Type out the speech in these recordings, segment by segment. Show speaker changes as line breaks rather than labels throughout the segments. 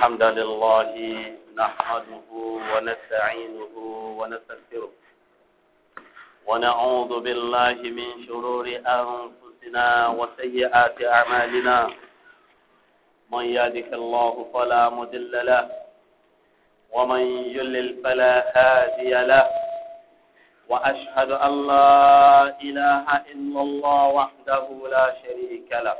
الحمد لله نحمده ونستعينه ونستغفره ونعوذ بالله من شرور أنفسنا وسيئات أعمالنا من يهدك الله فلا مضل له ومن يضلل فلا هادي له وأشهد أن لا إله إلا الله وحده لا شريك له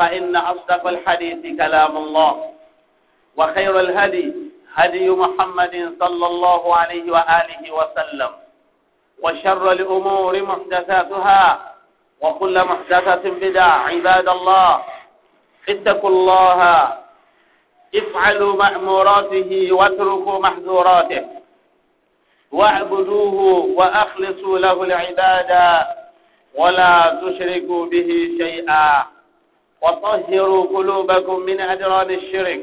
فإن أصدق الحديث كلام الله وخير الهدي هدي محمد صلى الله عليه وآله وسلم وشر الأمور محدثاتها وكل محدثة بدع عباد الله اتقوا الله افعلوا مأموراته واتركوا محذوراته واعبدوه وأخلصوا له العبادة ولا تشركوا به شيئا وطهروا قلوبكم من أدران الشرك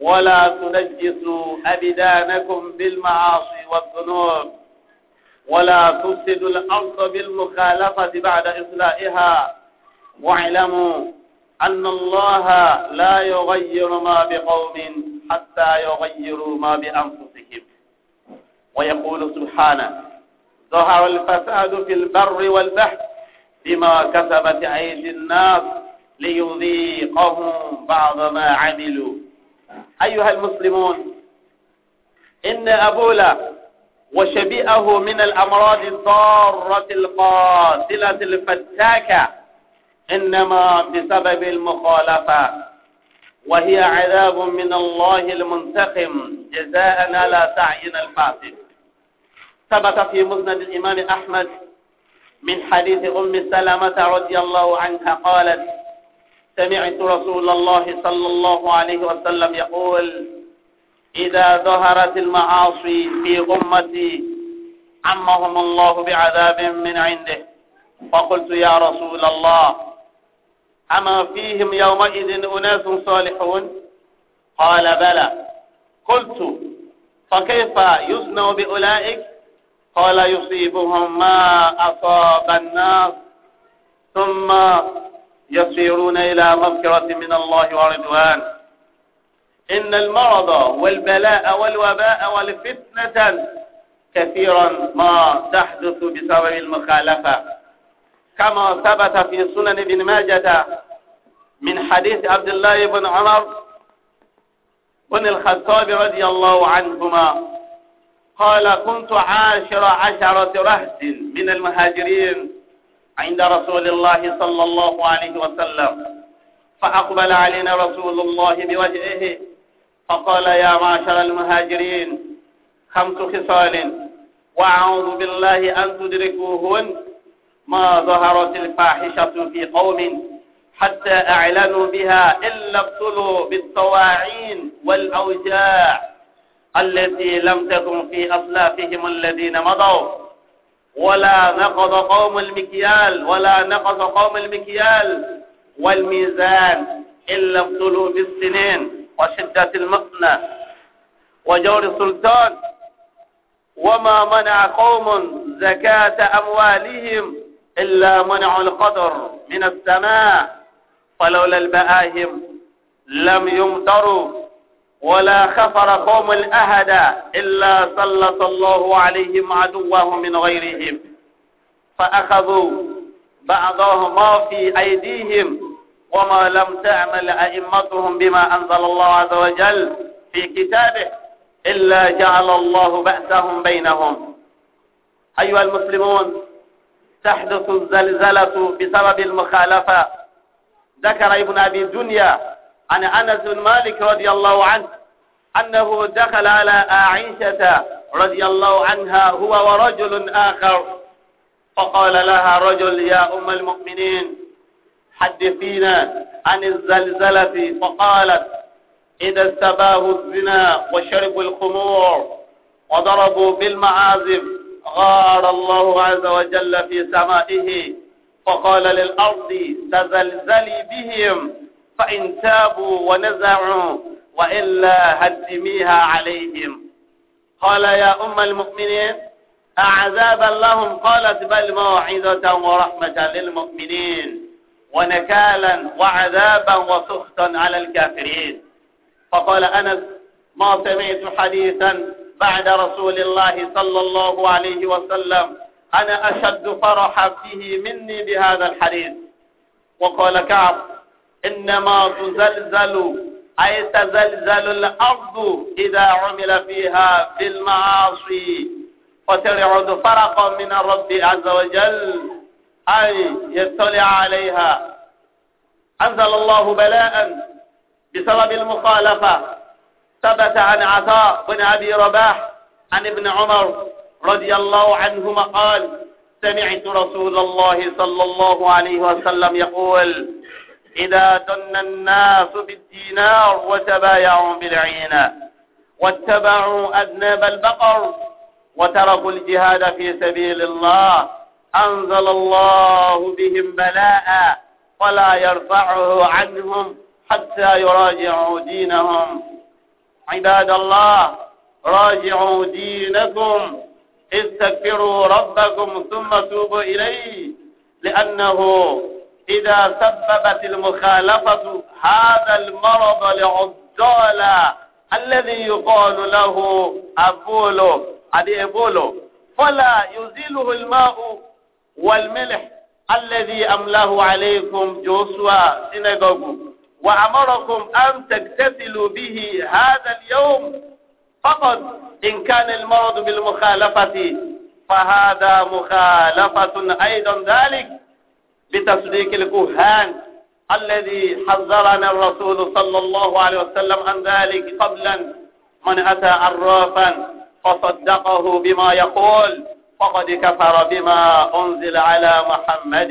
ولا تنجسوا أبدانكم بالمعاصي والذنوب ولا تفسدوا الأرض بالمخالفة بعد إصلاحها واعلموا أن الله لا يغير ما بقوم حتى يغيروا ما بأنفسهم ويقول سبحانه ظهر الفساد في البر والبحر بما كسبت أيدي الناس ليذيقهم بعض ما عملوا أيها المسلمون إن أبولا وشبيئه من الأمراض الضارة القاتلة الفتاكة إنما بسبب المخالفة وهي عذاب من الله المنتقم جزاء على سعينا الفاسد ثبت في مسند الإمام أحمد من حديث أم سلمة رضي الله عنها قالت سمعت رسول الله صلى الله عليه وسلم يقول إذا ظهرت المعاصي في أمتي عمهم الله بعذاب من عنده فقلت يا رسول الله أما فيهم يومئذ أناس صالحون قال بلى قلت فكيف يصنع بأولئك قال يصيبهم ما أصاب الناس ثم يسيرون إلى مغفرة من الله ورضوان إن المرض والبلاء والوباء والفتنة كثيرا ما تحدث بسبب المخالفة كما ثبت في سنن ابن ماجة من حديث عبد الله بن عمر بن الخطاب رضي الله عنهما قال كنت عاشر عشرة رهد من المهاجرين عند رسول الله صلى الله عليه وسلم فأقبل علينا رسول الله بوجهه فقال يا معشر المهاجرين خمس خصال وأعوذ بالله أن تدركوهن ما ظهرت الفاحشة في قوم حتى أعلنوا بها إلا ابتلوا بالطواعين والأوجاع التي لم تكن في أصلافهم الذين مضوا ولا نقض قوم المكيال ولا نقض قوم المكيال والميزان إلا ابتلوا بالسنين وشدة المقنة وجور السلطان وما منع قوم زكاة أموالهم إلا منع القدر من السماء فلولا البآهم لم يمطروا ولا خفر قوم الأهدى إلا سلط الله عليهم عدوه من غيرهم فأخذوا بعضهما في أيديهم وما لم تعمل أئمتهم بما أنزل الله عز وجل في كتابه إلا جعل الله بأسهم بينهم أيها المسلمون تحدث الزلزلة بسبب المخالفة ذكر ابن أبي الدنيا عن أنس بن مالك رضي الله عنه أنه دخل على عائشة رضي الله عنها هو ورجل آخر فقال لها رجل يا أم المؤمنين حدثينا عن الزلزلة فقالت إذا استباه الزنا وشربوا الخمور وضربوا بالمعازف غار الله عز وجل في سمائه فقال للأرض تزلزلي بهم فإن تابوا ونزعوا وإلا هدميها عليهم قال يا أم المؤمنين أعذابا لهم قالت بل موعظة ورحمة للمؤمنين ونكالا وعذابا وسخطا على الكافرين فقال أنس ما سمعت حديثا بعد رسول الله صلى الله عليه وسلم أنا أشد فرحا فيه مني بهذا الحديث وقال كعب إنما تزلزل أي تزلزل الأرض إذا عمل فيها في المعاصي وترعد فرقا من الرب عز وجل أي يطلع عليها أنزل الله بلاء بسبب المخالفة ثبت عن عطاء بن أبي رباح عن ابن عمر رضي الله عنهما قال سمعت رسول الله صلى الله عليه وسلم يقول إذا دن الناس بالدينار وتبايعوا بالعينة واتبعوا أذناب البقر وتركوا الجهاد في سبيل الله أنزل الله بهم بلاء ولا يرفعه عنهم حتى يراجعوا دينهم عباد الله راجعوا دينكم استغفروا ربكم ثم توبوا إليه لأنه إذا سببت المخالفة هذا المرض العضالة الذي يقال له أبولو أدي أبولو فلا يزيله الماء والملح الذي أمله عليكم جوسوا سيناغوغو وأمركم أن تكتسلوا به هذا اليوم فقط إن كان المرض بالمخالفة فهذا مخالفة أيضا ذلك بتصديق الكهان الذي حذرنا الرسول صلى الله عليه وسلم عن ذلك قبلا من أتى عرافا فصدقه بما يقول فقد كفر بما أنزل على محمد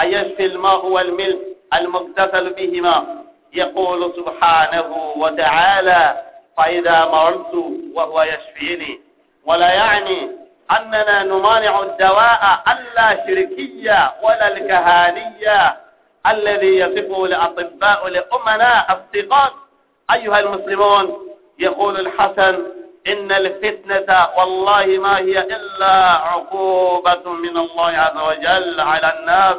أيشفي الماء والملك المقتسل بهما يقول سبحانه وتعالى فإذا مرت وهو يشفيني ولا يعني أننا نمانع الدواء اللاشركية ولا الكهانية الذي يصفه الأطباء لأمنا الثقات أيها المسلمون يقول الحسن إن الفتنة والله ما هي إلا عقوبة من الله عز وجل على الناس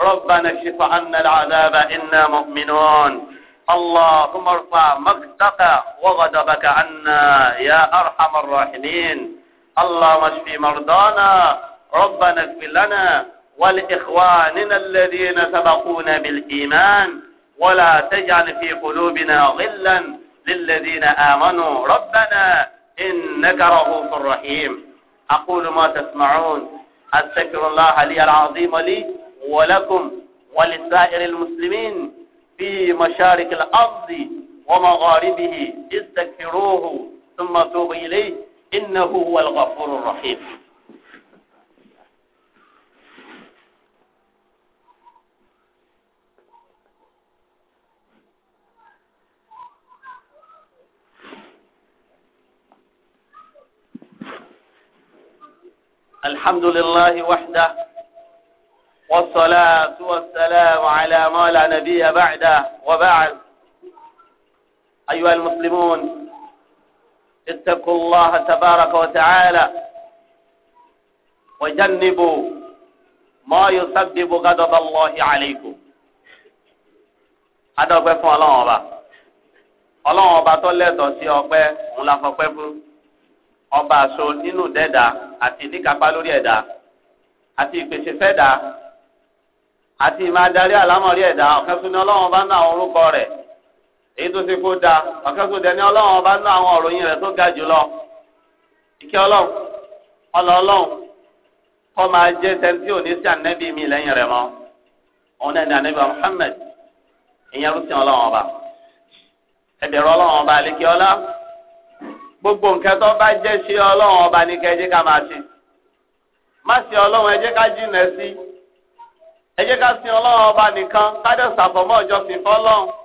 ربنا اكشف عنا العذاب إنا مؤمنون اللهم ارفع مقتك وغضبك عنا يا أرحم الراحمين اللهم اشف مرضانا ربنا اغفر لنا ولإخواننا الذين سبقونا بالإيمان ولا تجعل في قلوبنا غلا للذين آمنوا ربنا إنك رؤوف رحيم أقول ما تسمعون أستغفر الله لي العظيم لي ولكم ولسائر المسلمين في مشارق الأرض ومغاربه استغفروه ثم توبوا إليه إنه هو الغفور الرحيم الحمد لله وحده
والصلاة والسلام على ما لا نبي بعده وبعد
أيها المسلمون اتقوا الله تبارك وتعالى وجنبوا ما يسبب غضب الله عليكم adọ́pẹ́ fún ọlọ́run ọba ọba tó lẹ́tọ̀ọ́ sí ọpẹ́ òun la fún ọba àṣọ nínú dẹ́dà àti níkapá lórí ẹ̀dá àti ìpèsè fẹ́dà àti fún ọba náà orúkọ èyí tó ṣe kó da ọ̀kẹ́kọ̀ọ́ dẹni ọlọ́run ọba nínú àwọn òròyìn rẹ̀ tó ga jùlọ ìkẹ́ ọlọ́run ọlọ́ ọlọ́run kọ́ máa jẹ́ sẹ́ńtì òní sí ànẹ́bí mi lẹ́yìn rẹ̀ mọ́ òun náà ní ànẹ́bí Muhammad ìyẹn ló sìn ọlọ́run ọba ẹ̀bẹ̀rẹ̀ ọlọ́run ọba àlékẹ́ ọlá gbogbo nǹkan tó bá jẹ́ ṣe ọlọ́run ọba ní kẹ́jẹ́ ká máa ṣe má ṣe ọlọ́run ẹ jẹ́ ká jìnà sí ẹ ká sìn ọlọ́run ọba nìkan ká dẹ̀ sàfọ̀mọ́ ọjọ́ sìn fọ́lọ́run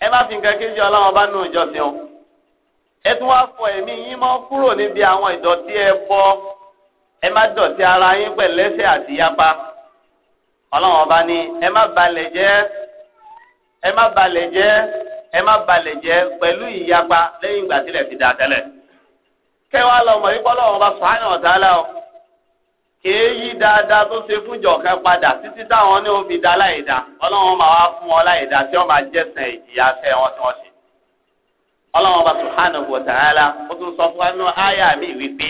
ẹ má fi nǹkan kejì ọlọ́run bá nù ìjọsìn o ẹ tún wá fọ ẹ̀mí yín mọ́ kúrò níbi àwọn ìdọ̀tí ẹ bọ́ ẹ má dọ̀tí ara yín pẹ̀lẹ́sẹ̀ àti yapa ọlọ́run bá ní ẹ má balẹ̀ jẹ́ ẹ má balẹ̀ jẹ́ ẹ má balẹ̀ jẹ́ pẹ̀lú ìyapa lẹ́yìn ìgbà tílẹ̀ fi dà tẹ́lẹ̀ kẹ́ wàá lọ mọ̀ yín bá sọ kèé yí dáadáa tó ṣe fún jọ̀ọ̀kan padà títí táwọn ní omi dá láìda ọlọ́run máa wá fún wọn láìda tí wọ́n máa jẹ̀sán ìjìyà fẹ́ wọn tí wọ́n ṣe. ọlọ́run bá subhanahu wa ta'ala ó tún sọ fún ẹnu àyà mi wípé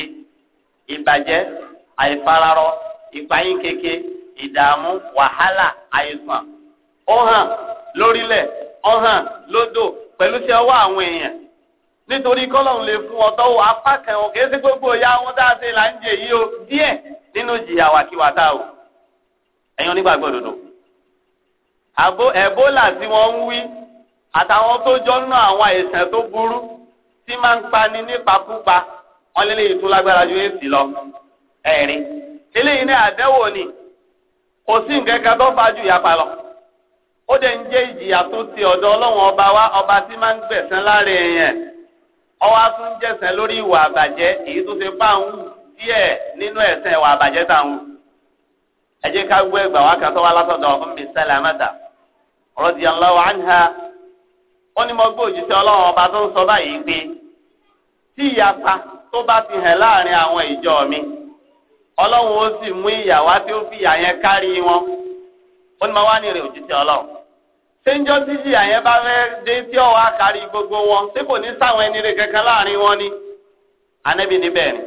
ìbàjẹ́ àìfararọ ìpayín keke ìdààmú wàhálà àìsàn ó hàn lórílẹ̀ ó hàn lódò pẹ̀lú tí ọwọ́ àwọn èèyàn nítorí kọ́lọ́hún lè fún ọ̀tọ́ wò apá kẹwọn kìí sí gbogbo ìyá wọn dáadé là ń jẹ yìí o díẹ̀ nínú jìyà wàkíwàtà o ẹ̀yin onígbàgbọ́ dodo. àbó ẹ̀bólà tí wọ́n ń wí àtàwọn jọ nù àwọn àìsàn tó burú tí máa ń pani nípakúpa wọn lé lọ eléyìí ní àdẹ́wò ni kò sí nǹkan kan tó fa ju ìyapa lọ ó dẹ̀ ń jẹ́ ìjìyà tó ti ọ̀dọ̀ ọba wa ọwọ́ tún jẹ̀sẹ̀ lórí ìwà èyí tó ṣe fáwọn díẹ̀ nínú ẹ̀sẹ̀ ìwà táwọn. ẹ jẹ́ ká gbọ́ ẹgbà wá kan tó wá látọ̀dọ̀ Ummi Salamata radiyallahu anha ó ní mo gbọ́ ọba tó ń sọ báyìí pé tí ìyapa tó bá ti hàn láàrin àwọn mi ó sì mú ìyàwó yẹn kárí wọn ó ní mo wá ní ìrìn e títí àyẹ́ bá fẹ́ dé tí ọwọ́ àkárí gbogbo wọn ṣé kò ní sáwọn ẹni rẹ kankan láàrin wọn ni anẹ́bí níbẹ̀ ni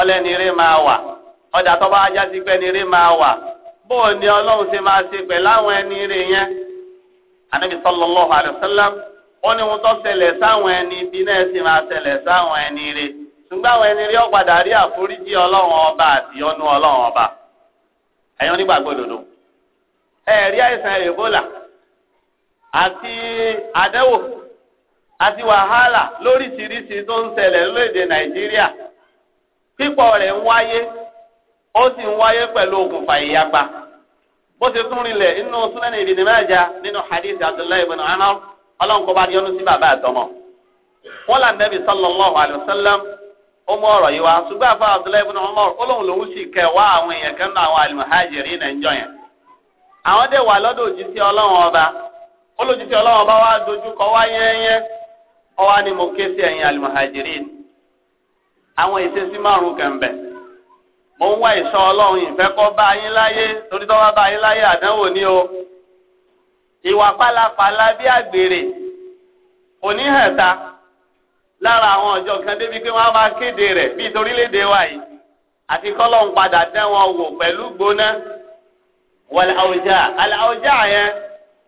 ọlẹ́ni rẹ máa wà ọjà tó bá ajá sí ma rẹ máa wà bóò ni ọlọ́run ṣe máa ṣe pẹ̀ láwọn ẹni rẹ yẹn ó ní wọn tó sáwọn ẹni bí náà máa sáwọn ẹni rẹ àwọn ẹni rẹ rí àforíjì ọba àti àdẹ́wò àti wàhálà lóríṣiríṣi tó ń ṣẹlẹ̀ lórílẹ̀ nàìjíríà pípọ̀ rẹ̀ ń wáyé ó sì ń wáyé pẹ̀lú okùnfà ìyapa bó ti tún rinlẹ̀ nínú súnẹ́nì ìdìní mẹ́jà nínú hadith abdullahi ibn umar ọlọ́run bá sí bàbá àtọmọ wọn là sallallahu alayhi abdullahi ibn ó lóun lòún sì wá àwọn èèyàn kan náà àwọn náà ń àwọn wà ọba olùjísé ọlọ́wọ́ bá wá dojú kọ wá ọwá ni mo ké sí ẹ̀yin alimuhajirin àwọn ìṣesí márùn kẹ̀m̀bẹ̀ mo ń wá ìṣọ́ ọlọ́run ìfẹ́kọ́ bá yín láyé torí tọ́wọ́ bá yín láyé àdánwò ni o ìwà pálapàla bí àgbèrè lára àwọn ọjọ́ kan débi pé wọ́n á máa kéde rẹ̀ bíi torílẹ̀-èdè wa yìí àti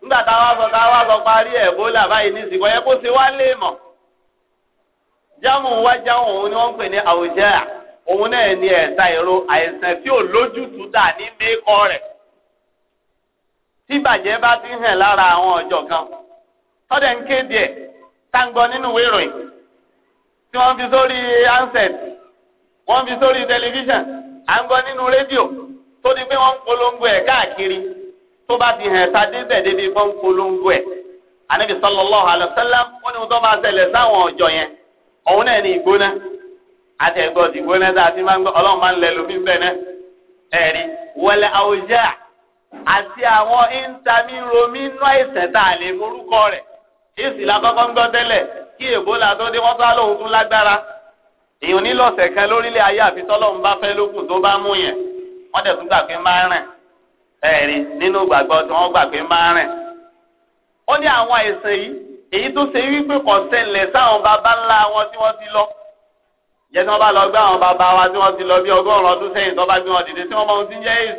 nígbà táwa sọ táwa sọ parí ẹ̀bólà báyìí ní ìsìnkú ọ̀yẹ́ kó ṣe wá lè mọ̀ jámù wá jámù òun ni wọ́n ń pè ní àwùjẹ́ òun náà ni ẹ̀ta ìró àìsàn tí ò lójútùú dà ní mẹ́kọ́ rẹ̀ tí bàjẹ́ bá ti hàn lára àwọn ọjọ́ kan tọ́dẹ̀ ń kéde ẹ̀ táǹgbọ́ nínú ìròyìn tí wọ́n fi sórí handset wọ́n fi sórí tẹlifíṣàn à ń gbọ́ nínú rédíò tó di pé wọ́n ń polongo ẹ̀ káàkiri tó bá ti hàn ta débẹ̀ débi fọ́n polongo ẹ̀ anabi sallallahu alayhi wa sallam wọn ni wọn tó máa ṣẹlẹ̀ sáwọn ọjọ́ yẹn òun náà ní ìgbóná àti ẹ̀gbọ́n ti gbóná tá a ti máa ń gbọ́ ọlọ́run máa ń lẹ lómi bẹ́ẹ̀ náà ẹ̀rí wọlé àwùjá àti àwọn ìntàmíromi inú àìsàn tá a lè morúkọ rẹ̀ èsì la kọ́kọ́ ń gbọ́ tẹ́lẹ̀ kí èbólà tó dé wọ́n sá lóhun tún lágbára èèyàn nílọ̀sẹ̀ ayé àfitọ́lọ́run bá tó bá mú yẹn wọ́n dẹ̀ tún gbà pé máa rìn ẹ̀rí nínú gbàgbọ́ tí wọ́n gbà pé máa rìn. ó ní àwọn àìsàn yìí èyí tó ṣe wípé kò ṣẹlẹ̀ sáwọn bàbá ńlá wọn tí wọ́n ti lọ. jẹ́ tí wọ́n bá lọ gbé àwọn bàbá wa tí wọ́n ti lọ bí ọgọ́rùn-ún ọdún sẹ́yìn tó bá gbé wọn dìde tí wọ́n mọ ohun tí jẹ́ èsì.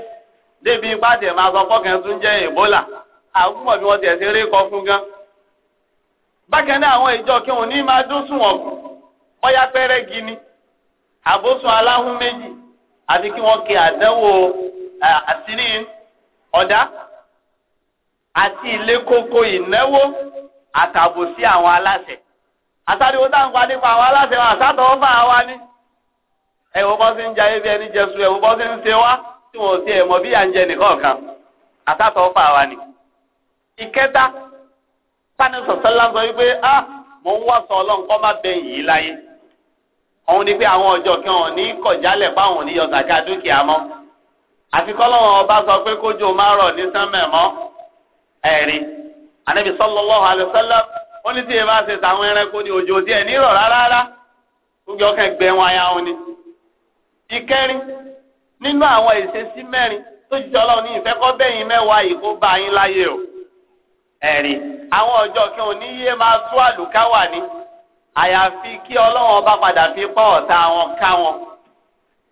débi ipá tiẹ̀ máa sọ fọ́kàn tún jẹ́ Ebola. àwọn bí wọ́n tiẹ̀ ṣe eré kọ fún gan. bákan náà àwọn ìjọ kí òun ní máa ọ̀dá àti ilé kókó ìnáwó àtàbò sí àwọn aláṣẹ àtàdéwò ń pa nípa àwọn aláṣẹ wọn ni bọ́ sí ń jayé bí ẹni jẹsù ẹwọn bọ́ sí ń ṣe wá tí wọn ò ẹ̀mọ́ bí à ń jẹ nìkan kan ìkẹta sani sọ̀sọ́lá sọ wípé a mò ń wá sọ ọlọ́run kọ́ má bẹ yìí ni pé àwọn ọjọ́ àfi kọ́lọ́wọ́n ọba sọ pé kójú o máa rọ̀ ní sánmẹ̀ mọ́ ẹ̀rí ànábi sallallahu alaihi wasallam ó ní tí èèyàn bá ṣe tàwọn ẹranko ní òjò díẹ̀ nírọ̀ rárá gbogbo ọkàn gbẹ wọn aya wọn ni. ìkẹrin nínú àwọn ìṣesí mẹ́rin tó jẹ́ ọlọ́run ní ìfẹ́ kọ́ bẹ́yìn mẹ́wàá yìí kó bá yín láyé o ẹ̀rí àwọn ọjọ́ kí òun ní yé máa tú àlùkáwà ní àyàfi kí ọlọ́run ọba padà fi pọ́ ọ̀tá wọn ká wọn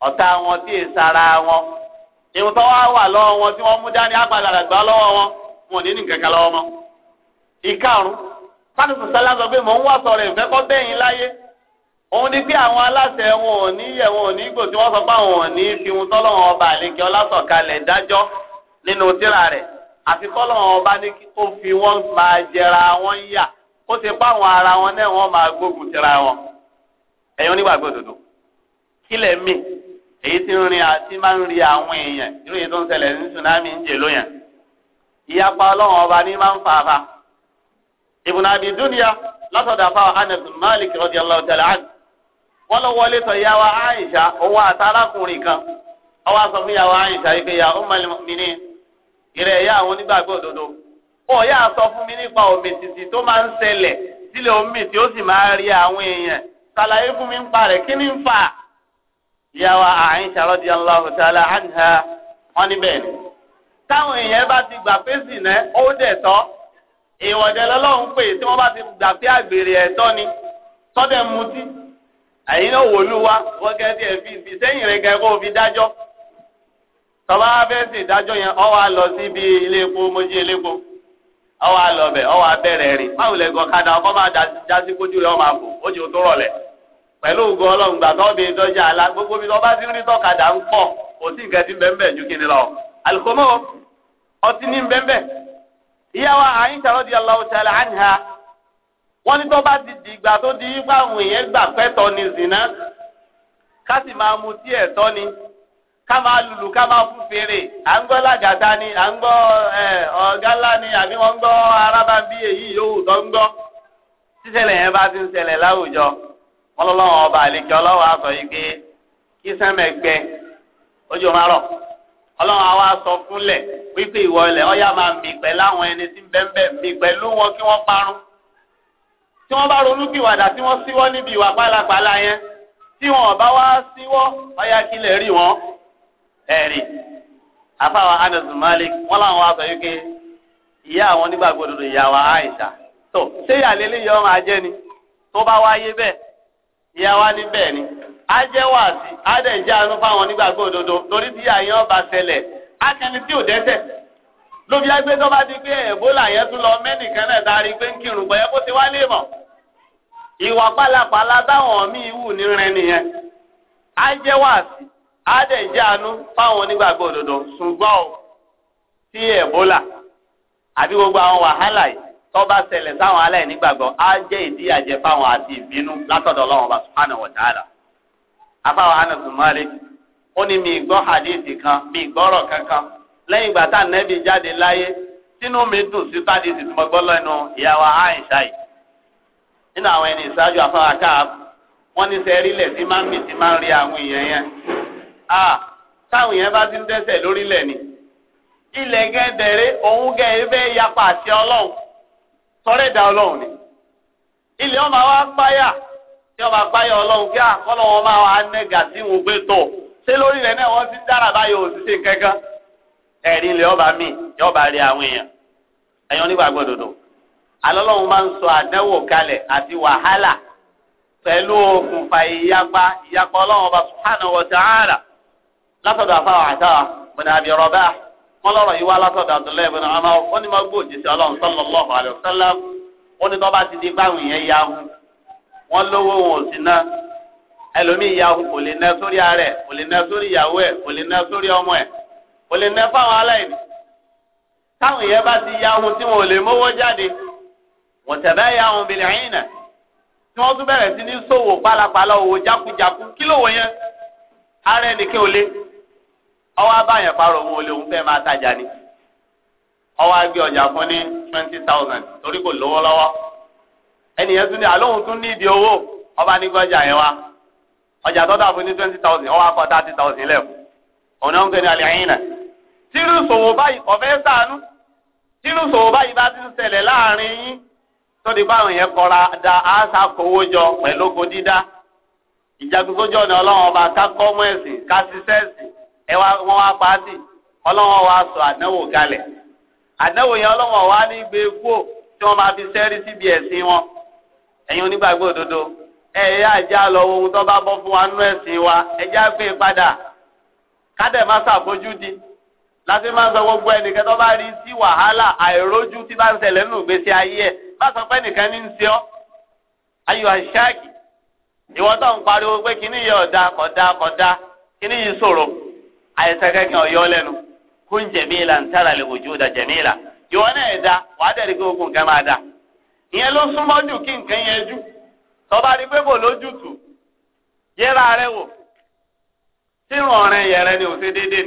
ọ̀tá wọn tí èsàrà wọn ìwọ̀n tó wá wà lọ́wọ́ wọn tí wọ́n mú dání apàdàdà gbá lọ́wọ́ wọn wọn ní ní kankan lọ́wọ́ mọ́. ìkarùn sálùkù sálá sọ pé mò ń wà sọ̀rọ̀ ìfẹ́ kọ́ bẹ́yìn láyé òun ni pé àwọn aláṣẹ wọn ò ní yẹ wọn ò ní gbò tí wọ́n sọ pé àwọn ò ní fi ohun tọ́lọ́wọ́n ọba àlekè ọlásọ̀kalẹ̀ dájọ́ nínú tíra rẹ̀ àfi kọ́lọ́wọ́n ọba ní kó fi wọ́n máa jẹra wọn yà ó ti pa àwọn ara wọn náà wọ́n máa gbógun tira wọn. ẹ̀yin onígbàgbọ́ òdodo kílẹ̀ míì èyí tí ń rin àti máa ń rí àwọn èèyàn irú yìí tó ń ṣẹlẹ̀ ní tsunami ń jè lóyàn ìyapa ọlọ́run ọba ní máa ń fa afa Ibn Abi Dunya látọ̀dọ̀ afa Malik wọ́n lọ wọlé tọ̀ àti arákùnrin kan ọwọ́ fún yìí pé ya ummul mu'minin ìrẹ̀ ìyá àwọn onígbàgbọ́ òdodo ó yà sọ fún mi nípa tó máa ń ṣẹlẹ̀ sílẹ̀ ìyàwó Àìṣà radiyallahu ta'ala anha ni. táwọn èèyàn bá ti ó dẹ̀ tọ́ lọ́lọ́run wọ́n bá ti àgbèrè ẹ̀tọ́ ni sọ́dẹ̀ mutí náà wa wọ́n gẹ́gẹ́ tí ẹ fi fi sẹ́yìn rẹ̀ gẹ́gẹ́ kó fi dájọ́ tọ́ba sì dájọ́ yẹn ọ wá lọ ilé epo mojí ọ wá lọ ọ wá rẹ̀ ọ pẹ̀lú ògùn ọlọ́run tó bí dọ́jà alá gbogbo bí wọ́n ń rí tọ́kadà ń pọ̀ kò sí nǹkan tí bẹ́ẹ̀ ju kíni lọ. ọ ọtí ní bẹ́ẹ̀ ní di ìgbà tó di yípa àwọn èèyàn gbà pẹ́tọ́ ni ká sì ni ká máa lùlù ká máa fún fèrè à ń gbọ́ làgàtà ni à ń gbọ́ ọ̀gá ńlá ni àbí wọ́n ń gbọ́ arábàbí wọn ọba àlejò ọlọ́wọ́ àsọ yìí pé kí sẹ́mẹ̀ gbẹ ojú máa sọ wípé ìwọ ilẹ̀ ọ̀yà máa mì pẹ̀lú àwọn ẹni tí ń bẹ́ńbẹ́ mì wọn kí wọn parun tí bá ronú tí níbi ìwà pálapàla yẹn tí wọn bá wá síwọ́ ọ̀yà kí lè rí wọn ẹ̀rì àfàwà Malik wọn làwọn yìí pé ìyá àwọn tó ṣé ọmọ ìyá wa ní bẹ́ẹ̀ ni á jẹ́ wàásì á dẹ̀ jẹ́ àánú fáwọn onígbàgbọ́ òdodo torí tí àyàn ọba ṣẹlẹ̀ á kẹni tí ò dẹ́ṣẹ̀ lóbi agbé tó bá di pé Ebola yẹn tún lọ mẹ́nìkan náà darí pé ń kírun gbọ́ yẹn kó ti wá mọ̀ ìwà pálapàla táwọn míì wù ní rẹ nìyẹn á jẹ́ wàásì á dẹ̀ jẹ́ àánú fáwọn onígbàgbọ́ òdodo ṣùgbọ́n tí Ebola, àbí gbogbo àwọn wàhálà yìí tọ́ba ṣẹlẹ̀ sáwọn aláìní gbàgbọ́ á jẹ́ ìdíyàjẹ fáwọn àti ìbínú látọ̀dọ̀ ọlọ́run ọba subhanahu wa ta'ala. afáwọn anagun malik ó ní mi gbọ́ hadithi kan mi gbọ́rọ̀ kankan lẹ́yìn ìgbà tá nẹ́bí jáde láyé sínú mi dùn sí hadithi tí mo gbọ́ lẹ́nu ìyàwó àìsà yìí. nínú àwọn ẹni ìṣáájú afáwọn akáàbù wọ́n ní sẹ́rílẹ̀ tí máa ń mì tí máa ń rí àwọn èèyàn yẹn. táwọn èèyàn bá ti ń dẹ́sẹ̀ lórílẹ̀ ni ilẹ̀ gẹ́dẹ̀rẹ́ òun gẹ́ ẹ bẹ́ẹ̀ yapa àti ọlọ́run sọrọ ẹ̀dá ọlọ́run ni ilé ọmọ wa gbáyà tí ọmọ gbáyà ọlọ́run kí ma wọn máa wà nẹ́gà tí wọn ah, gbé tọ ṣé lórí rẹ̀ náà ti dára báyọ òṣìṣẹ́ kankan ẹ̀rí ilé ọba mi àwọn èèyàn nígbà máa ń sọ àdánwò àti wàhálà okùnfà ìyapa ìyapa ọba àtàwà wọn lọ́rọ̀ yìí wá látọ̀dọ̀ àdúlẹ̀ ibn Umar wọn ni máa gbó òjìṣẹ́ ọlọ́run sallallahu alaihi wasallam wọn ni tó bá ti di báwọn yẹn yahu wọn lówó wọn ò sí náà ẹlòmíì yahu kò lè ná sórí arẹ kò lè ná sórí ìyàwó ẹ kò lè ná sórí ọmọ ẹ kò lè ná fáwọn aláìní táwọn yẹn bá ti yahu tí wọn ò lè mówó jáde wọn tẹ̀bẹ́ yahu bil aina tí wọ́n tún bẹ̀rẹ̀ sí ní ṣòwò pálapàla òwò jákujáku kí lówó ọwọ́ abáyẹn parọ́ òun olè fẹ́ máa tajà ni ọwọ́ agbé ọjà fún ní twenty thousand torí kò lówó lọ́wọ́ ẹnìyẹn tún ní àlóhùn tún ọba nígbà ọjà yẹn wa ọjà tó dà fún ní twenty thousand ọwọ́ akọ thirty thousand lẹ́kùn òun náà ń gbé ní alẹ́ ẹ̀yìn náà tírú báyìí ọ̀fẹ́ sànú tírú báyìí bá ti ń ṣẹlẹ̀ láàrin yín báwọn yẹn ọba ká kọ́ ẹ wá wọ́n wá pa á dì ọlọ́wọ́n wá sọ àdánwò kalẹ̀ àdánwò yẹn ọlọ́wọ́n wá ní gbé kó tí wọ́n máa fi sẹ́rí síbi ẹ̀sìn wọn ẹ̀yin onígbàgbọ́ òdodo ẹ ẹ yá ajá lọ ohun tó bá bọ́ fún wa nú ẹ̀sìn wa ẹ já e padà kádẹ̀ má di láti sọ gbogbo ẹnìkan tó bá rí sí wàhálà àìrójú tí bá ń ṣẹlẹ̀ nínú ìgbésí ayé ẹ̀ má sọ pé nìkan ní ń ṣe ọ́ àyẹ̀sẹ̀ kẹ́kẹ́ ọ̀yọ́ kun kún jẹ̀míìlà ń tàrà lè wòjú da jẹ̀míìlà ìwọ náà ẹ̀dá wàá dẹ̀ rí pé ogun nǹkan máa dà ìyẹn ló súnmọ́ jù kí nǹkan yẹn jù tọ́ba ọ pé kò lójútùú rẹ wò ni ò ṣe déédéé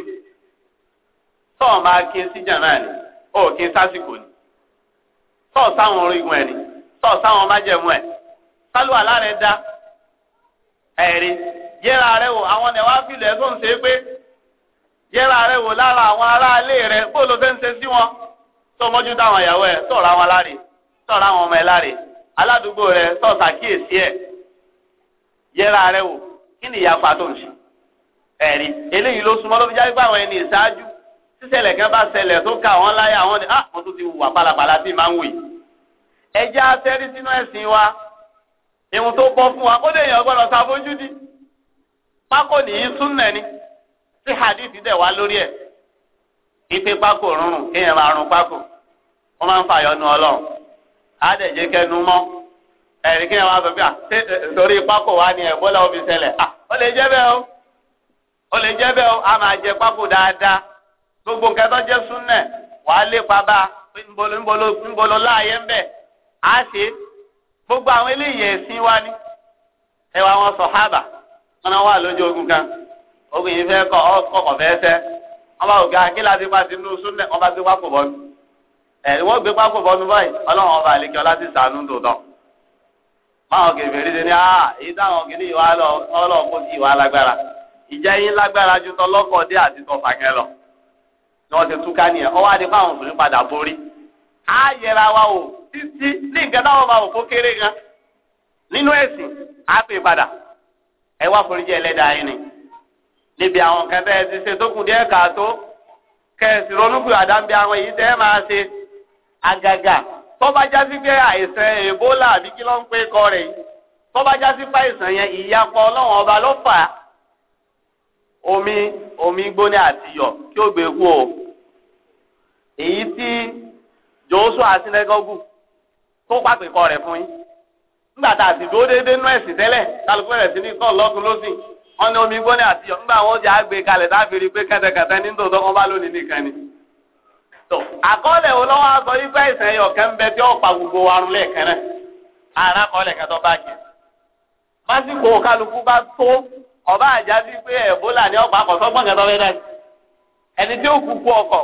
ni ni ni ni yẹra rẹ wò lára àwọn aráalé rẹ bó ló fẹ́ ń ṣe sí wọn tó mọ́jú táwọn ìyàwó ẹ sọ̀rọ̀ àwọn aláre sọ̀rọ̀ àwọn ọmọ ẹ láre aládùúgbò rẹ sọ̀tà kíyèsí ẹ yẹra rẹ wò kí ni ìyapa tó ń ṣe ẹ̀rí eléyìí ló súnmọ́ ló fi jáde pé àwọn ẹni ìṣáájú sísẹ̀lẹ̀ kan bá ṣẹlẹ̀ tó ka wọn láyà wọn ni ah wọn tún ti wà pálapàla tí máa ń wè ẹjẹ́ afẹ́rí sínú ẹ̀sìn wa ìhun tó bọ́ fún wa ó lè yàn gbọ́dọ̀ sáfojúdi pákó nìyí súnnà ni. tí hadith dẹ̀ wá lórí ẹ̀ ipe pákó rúnrún kéèyàn máa rún pákó wọ́n máa ń fa àyọ̀nu ọlọ́run á kẹnu mọ́ ẹ̀rí kéèyàn máa sọ pé wa ni ẹ̀bọ́lá omi ṣẹlẹ̀ ó lè jẹ́ bẹ́ẹ̀ o ó lè jẹ́ o a máa jẹ pákó dáadáa gbogbo nǹkan tó jẹ́ súnẹ̀ wà á lépa bá ńbolo láàyè ń gbogbo àwọn eléyìí ẹ̀sìn ẹ̀wà wọn wọn wà lójú ogun kan. oge fẹ́ kọ́ ọkọ̀ fẹ́ fẹ́ ọba òkè akíla ti pàṣẹ nínú súnlẹ̀ ọba ti wá ẹ̀ wọ́n gbé bọ́nu báyìí ọlọ́run ọba àlekè ọlá ti sànú tòótọ́ báwọn kèfè rí ti ní a èyí táwọn kìíní ìwà sí ìwà lágbára ìjẹ́ yín lágbára ju àti lọ ni wọ́n ti túká nìyẹn ọwọ́ adé fáwọn òfin padà borí á yẹra wa o títí ní nǹkan táwọn kéré gan nínú ẹ̀sìn á pè padà ẹ wá foríjì ẹlẹ́dàá yín ni. níbi àwọn kẹfẹ́ ẹ ti ṣe tó kù díẹ̀ káàtó kẹsì ronúkú àdáǹbí àwọn èyí tẹ́ ẹ máa ṣe àgàgà tọ́ba jásí pé àìsàn Ebola àbí kí ló ń pé kọ rẹ̀ yìí tọ́ba jásí pé àìsàn yẹn ìyapọ̀ ọlọ́run ọba ló fà á omi omi gbóni àtiyọ̀ kí ó gbé kú o èyí tí Joshua asinagogu tó pàpè kọ rẹ̀ fún yín nígbà tá a sì dúró déédéé nú ẹ̀sìn tẹ́lẹ̀ kálukú rẹ̀ sí ní kọ́ ọ̀lọ́kun lọ́sìn. wọn ní omi gbóni àti yọ nígbà wọn jẹ àgbè ya táfìrí pé kẹtẹkẹtẹ ní tòótọ́ wọn bá lónìí nìkan ni. tó àkọọ́lẹ̀ wo lọ́wọ́ aṣọ ìgbà ìsìn ẹ̀yọ̀ kẹ́ńbẹ́ tí pa gbogbo arun lẹ́ẹ̀kan náà ara kọ́lẹ̀ kẹtọ́ bá másìkò kálukú bá tó ọba àjá sí pé ẹ̀bólà ní ọ̀pá dájú. ẹni tí ó kú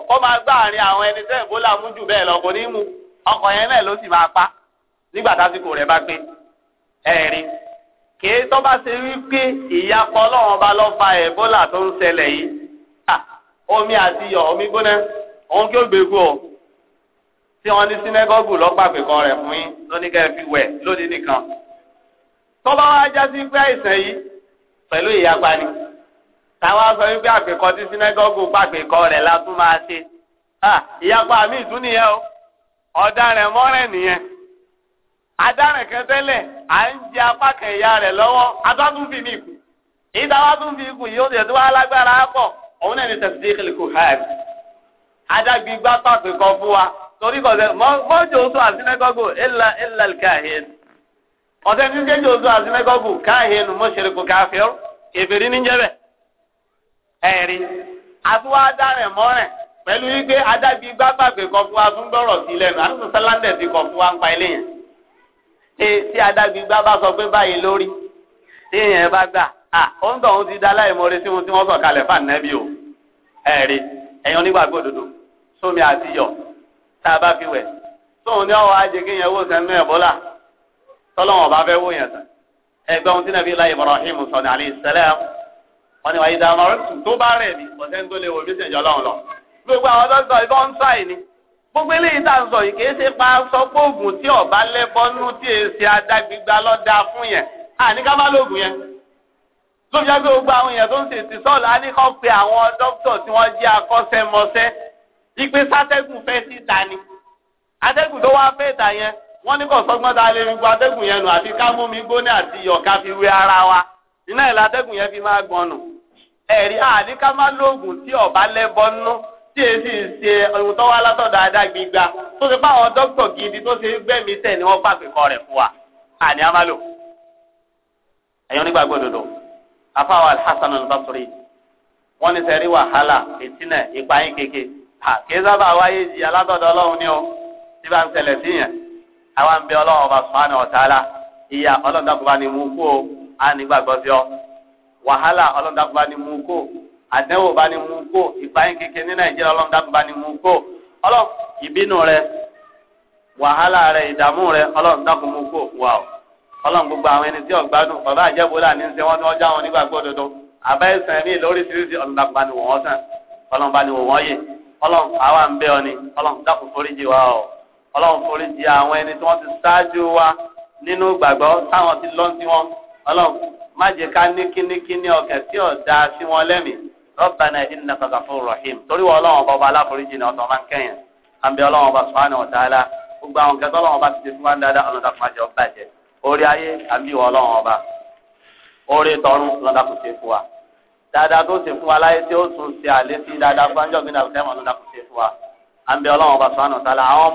kú máa gbá àárín àwọn ẹni mú jù ní yẹn náà ló sì máa pa nígbà tásìkò bá kìí tó bá ṣe wípé ìyapọ̀ ọlọ́run ọba lọ fa ẹ̀bólà tó ń ṣẹlẹ̀ yìí omi àti iyọ̀ omi gbóná òun kí ó gbé kú ọ tí wọ́n ní sínágọ́gù lọ́pàpẹ̀ kan rẹ̀ fún yín lóní kẹ́ fi wẹ̀ lónìí nìkan tó bá wá já sí pé àìsàn yìí pẹ̀lú ìyapa ni táwa sọ wípé àpèkọ tí sínágọ́gù pàpèkọ rẹ̀ la tún máa ṣe ìyapa mi ìtún nìyẹn o ọ̀daràn mọ́rẹ̀ nìyẹn. adarìn kan tẹ́lẹ̀ à ń jẹ apá kan ìyá rẹ̀ lọ́wọ́ adọ́túnfì ní ikú ìdáwọ́túnfì ikú yìí ó na ẹ̀dùn alágbára pọ̀ òun náà ní tẹ̀sídẹ́ ìkìlìkù hajj adágbígbá pàpè kan fún wa torí oṣù káhìn oṣù káhìn èbèrè ní àtúwá kan fún wa sí àtúntò ti fún wa ń pa tí adágbígbá bá sọ pé báyìí lórí tí èèyàn bá gbà à ó ń dọ̀hún ti dá láìmọ̀re sí wọn tí wọ́n sọ kalẹ̀ fànẹ́bí o ẹ̀rí ẹ̀yàn onígbàgbọ́ òdodo sómi àti yọ̀ tá a bá fi wẹ̀ tóun ní ọwọ́ ajé kí yẹn wò sẹ́nu ẹ̀ bọ́là tọ́lọ́wọ̀n bá fẹ́ wò yẹn sàn ẹgbẹ́ ohun tí nàbí ilá Ibrahim sọ ní alayhi salam wọn ni wàá yí gbogbo eléyìí tá a sọ yìí kìí ṣe pa sọ pé oògùn tí ọba lẹ́bọ́nú tí èyí ṣe adágbígba lọ́dà fún yẹn àní ká má lóògùn yẹn ló fi jẹ́ pé gbogbo àwọn èèyàn tó ń ṣe ti sọ́ọ̀lù á ní kàn pé àwọn dókítà tí wọ́n jẹ́ akọ́ṣẹ́mọṣẹ́ ìpè sátẹ́gùn fẹ́ sí ìta ni atẹ́gùn tó wá fẹ́ ìta yẹn wọ́n ní kò sọ́gbọ́n tá a lè fi gbọ́ atẹ́gùn yẹn nù àfi ká mú mi gbóná àti ọ̀ká fi wé ara wa iná ìlà atẹ́gùn yẹn fi máa gbọ́n nù ẹ̀rí àní má lóògùn tí ọba lẹ́bọ́nú tí èsì ń ṣe ohun tó wá látọ̀dọ̀ adágbígba tó ti pa àwọn dókítọ̀ gidi tó ti gbẹ̀mí tẹ̀ ni wọ́n fàpẹ̀kọ rẹ̀ fún wa àní amálò ẹ̀yọ́ nígbà gbọ́dọ̀dọ̀ afáwọn alhassan al-basri wọ́n ní sẹ́rí wàhálà ìtinẹ̀ ìpayín keke kìí sábà wáyé jì alátọ̀dọ̀ ọlọ́run ní o tí bá ń tẹ̀lẹ̀ sí yẹn àwa ń bẹ ọlọ́run ọba sùmánù ọ̀tàlá ìyá ọlọ́dàkùnbá ni mú kó o. àdẹ́wò bá ní mú kó ìpáyín kékeré ní nàìjíríà ọlọ́run dákun bá ní mú kó ọlọ́run ìbínú rẹ wàhálà rẹ ìdààmú rẹ ọlọ́run dákun mú wà ó ọlọ́run gbogbo àwọn ẹni tí bàbá ní já wọn nígbà àbá ọlọ́run dákun bá ní sàn ọlọ́run ọ ni ọlọ́run dákun foríjì wa ó ọlọ́run rọ́bànà ìdínà kàkà fún rahim torí wọn ọlọ́wọ́n bá ọba aláforíjì náà ọ̀sán máa ń kẹ́yìn àbí ọlọ́wọ́n bá sùn àná ọ̀tàlá gbogbo àwọn kẹtọ́ ọlọ́wọ́n bá ti ṣe fún wa dáadáa ọlọ́dà fún àjọ bàjẹ́ orí ayé àbí ìwọ ọlọ́wọ́n ọba orí tọrún ọlọ́dà kò ṣe fún wa dáadáa tó ṣe fún wa láyé tí ó tún ṣe àlẹ́ sí dáadáa fún àjọ gbìnà fẹ́mọ̀ ọlọ́dà kò ṣe fún wa àbí ọlọ́wọ́n bá sùn àná ọ̀tàlá àwọn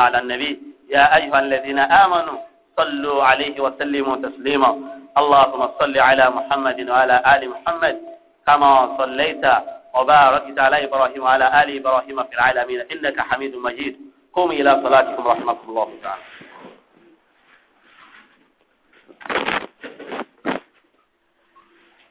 ọmọ tẹ́nìkọ̀ يا أيها الذين آمنوا صلوا عليه وسلموا تسليما اللهم صل على محمد وعلى آل محمد كما صليت وباركت على إبراهيم وعلى آل إبراهيم في العالمين إنك حميد مجيد قوم إلى صلاتكم رحمة الله تعالى